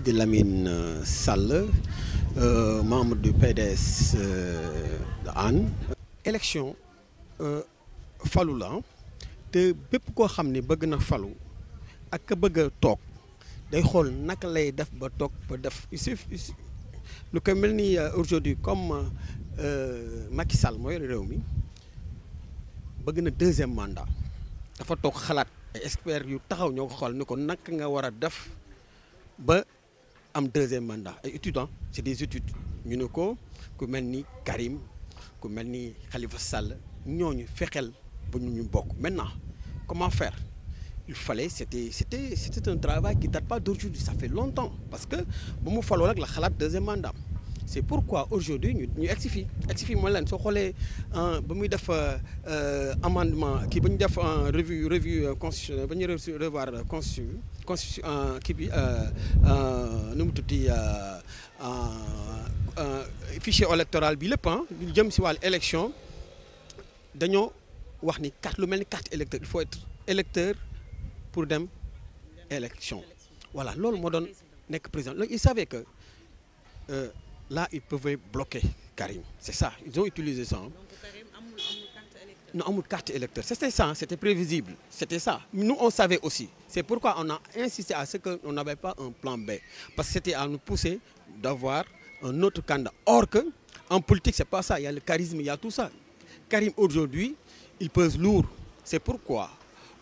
Sidi Lamine euh, Sall, euh, membre du PDS euh, de Anne. élection euh, falu la te bépp koo xam ne bëgg na falu ak ka bëgg a toog day xool naka lay def ba toog ba def lu ko mel euh, aujourd'hui comme euh, Macky Sall mooy réew mi bëgg na deuxième mandat dafa toog xalaat ay experts yu taxaw ñoo xool ni ko naka nga war def ba am deuxième mandat ay études hein. c'est des études ñu ne ko ku Karim ku mel Khalifa Sall ñooñu fexeel ba ñu ñu maintenant comment faire il fallait c'était c'était c'était un travail qui date pas d'aujourd'hui ça fait longtemps parce que ba mu faloo rek la xalaat deuxième mandat c'est pourquoi aujourd'hui ñu ñu egsi fii egsi fii mooy lan soo xoolee hein, ba muy def euh, amendement kii def hein, revue revue euh, constitutionnelle ba ñu revoir euh, constitution hein, un kii bi nu mu tuddi fichier électoral bi pas ñu jëm si wàllu élection dañoo wax ni carte lu mel ni carte il faut être électeur pour dem élection voilà loolu moo n'est que président il savait que là, ils pouvaient bloquer Karim. C'est ça, ils ont utilisé ça. Hein. Donc Karim a carte électeur. C'était ça, c'était prévisible. C'était ça. Nous, on savait aussi. C'est pourquoi on a insisté à ce qu'on n'avait pas un plan B. Parce que c'était à nous pousser d'avoir un autre candidat. Or que, en politique, c'est pas ça. Il y a le charisme, il y a tout ça. Karim, aujourd'hui, il pèse lourd. C'est pourquoi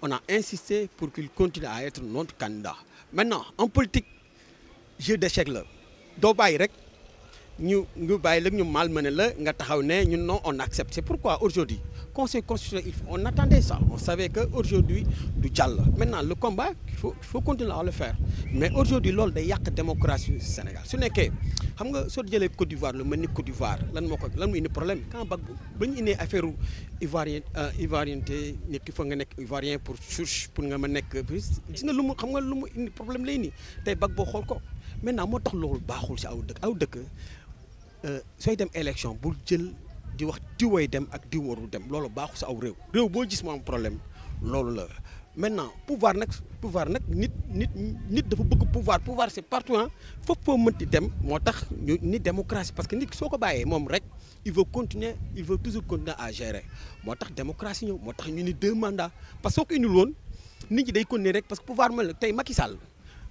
on a insisté pour qu'il continue à être notre candidat. Maintenant, en politique, jeu d'échec là. Dubaï, nous avons ñu malmené la nga taxaw non on accepte c'est pourquoi aujourd'hui conseil constitutionnel on attendait ça on savait que aujourd'hui du jàll maintenant le combat il faut faut continuer à le faire mais aujourd'hui loolu day yak démocratie Sénégal su nekkee xam nga soo le Côte d'Ivoire le mel Côte d'Ivoire lan y a lan problème quand il y a indee affaire ivoirien euh, ivoirien te ki fa ivoirien pour source pour nga ma il y a un problème. xam nga a mu un problème lay ko maintenant moo tax loolu baaxul si aw un problème. Euh, soy dem élection bul jël di wax diway dem ak di warul dem loolu baaxu sa aw réew réew boo gis mo am problème loolu la maintenant pouvoir nag pouvoir nag nit nit nit dafa bëgg pouvoir pouvoir c'est partout hein. foofu foo mënti dem moo tax ñu ni démocratie parce que nit soo ko bàyyee moom rek il veut continuer il veut toujours continuer à gérer moo tax démocratie ñëw moo tax ñu ni deux mandats parce que soo ko indil woon nit ñi day continuer rek parce que pouvoir mooy la tey Macky Sall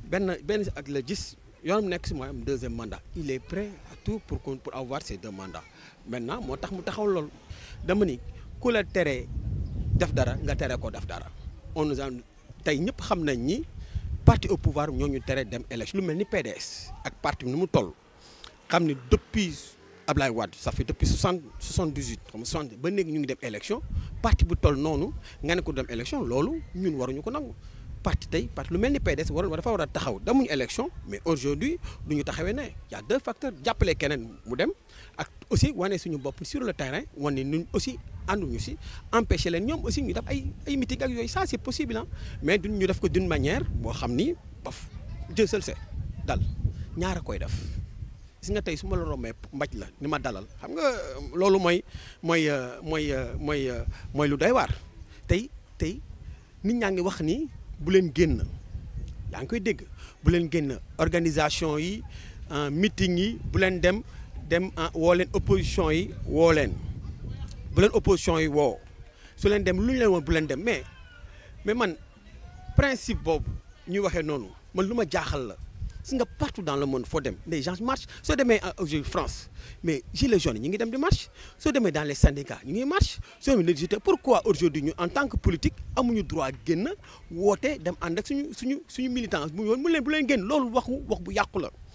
benn benn ak la gis yoonam nekk si mooy am deuxième mandat il est prêt à tout pour pour avoir ces deux mandats maintenant moo tax mu taxaw loolu dama ni ku la teree def dara nga tere ko def dara on nous a tey ñëpp xam nañ ni parti au pouvoir ñoo ñu tere dem élection lu mel PDS ak parti bi toll xam ni depuis Ablaye Wad, ça fait depuis soixante soixante comme soixante ba léegi ñu ngi dem élection parti bu toll noonu nga ne ko dem élection loolu ñun waruñu ko nangu parti lu taxaw élection mais aujourd'hui Il y a deux facteurs jappelé kenen mu dem aussi suñu sur le terrain empêcher les ñom aussi ça c'est possible hein. mais nous ko d'une manière deux xamni dal la dalal xam nga lu bu leen génn yaa ngi koy dégg bu leen organisation yi euh, meeting yi bu dem dem euh, woo leen opposition yi woo leen bu opposition yi woo su leen dem lu ñu leen woon dem mais mais man principe boobu ñuy waxee noonu man lu ma jaaxal la partout dans le monde dem les gens marchent en France mais gilets jaunes marchent. dem dans les syndicats ils marchent. pourquoi aujourd'hui en tant que politique nous droit le droit dem ak militants bu leen